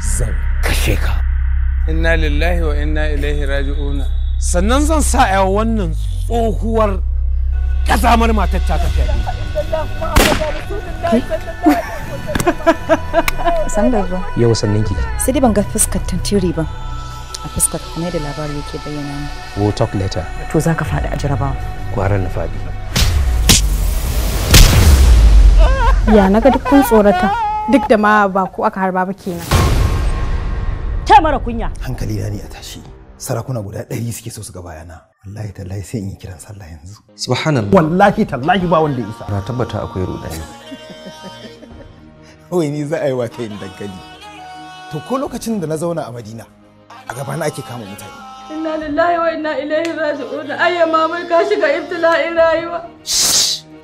zan kashe ka inna lillahi wa inna ilaihi raji'una sannan zan sa a wannan tsohuwar kazamar matar ta tafiya sandar ba yau sannan ki sai dai ban ga fuskar tantiri ba a fuskar kuma da labari yake bayyana mu we'll talk later to ka faɗi a jarabawa kwarar na faɗi. ya naga duk kun tsorata duk da ma ba ku aka harba ba kenan Ke mara kunya. Hankali na ne a tashi. Sarakuna guda ɗari suke so su ga bayana. Wallahi tallahi sai in yi kiran sallah yanzu. Subhanallah. Wallahi tallahi ba wanda isa. Na tabbata akwai rudani. Kawai ni za a yi wa yin dankali. To ko lokacin da na zauna a Madina a gaba na ake kama mutane. Inna lillahi wa inna ilaihi raji'un. Ayya mamai ka shiga ibtila'in rayuwa.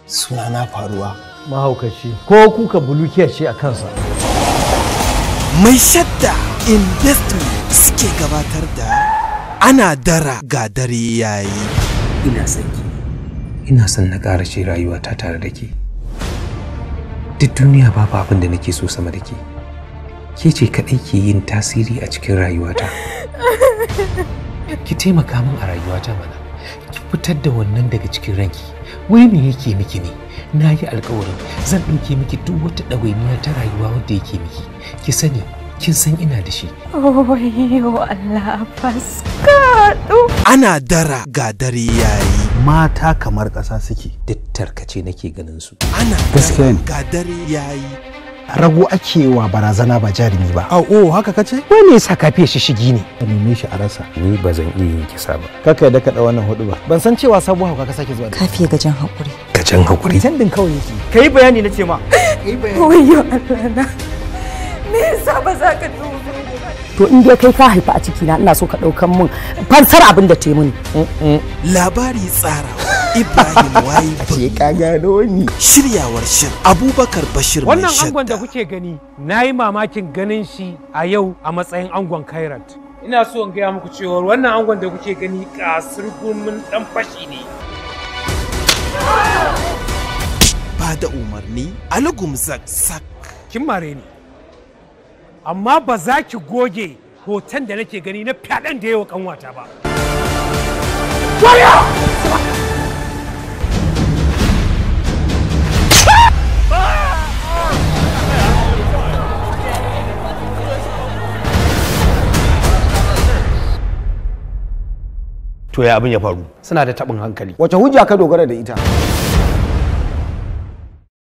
Sunana faruwa. Mahaukaci ko kuka bulukiya ce a kansa. mai investment suke gabatar da ana dara ga dare yayi ina sanki ina son na ƙara rayuwa rayuwata tare da ke duk duniya babu abin da nake so sama da ke ke ce kaɗai ke yin tasiri a cikin rayuwata ki taimaka min a rayuwata mana ki fitar da wannan daga cikin ranki wai me yake miki ne na yi alkawarin zan ɗauke miki duk wata ɗawainiya ta rayuwa wadda yake miki ki sani kin san ina da shi. Oyo Allah faskaɗo. Ana dara ga dare yayi. Mata kamar ƙasa suke. Duk tarkace nake ganin su. Ana gaskiya ne. Ga dare yayi. Rago ake wa barazana ba jarumi ba. A'o o oh, haka kace? Wani sakafe shi shigi ne. Ka neme shi a rasa. Ni ba zan iya yin kisa ba. Kaka yadda ka wannan hudu ba. Ban san cewa sabu hauka ka sake zuwa. fiye gajen hakuri. Gajen hakuri. Tandin kawai yake. Kai bayani na ce ma. Kai bayani. Oyo Allah na. me yasa ba za ka to in dai kai ka haifa a cikina ina so ka ɗaukan mun fansar abin da ta yi mini mm, mm. labari tsara Ibrahim Wayi ka gano ni shiryawar shir Abubakar Bashir wannan angon da kuke gani nayi mamakin ganin shi a yau a matsayin angon Kairat ina so in gaya muku cewa wannan angon da kuke gani kasir gurmin dan fashi ne ba da umarni alugum zak sak kin mare ni amma ba za ki goge hoton da nake gani na fyaɗen da yawa kanwata ba. To ya abin ya faru? Suna da taɓin hankali. Wace hujja ka dogara da ita?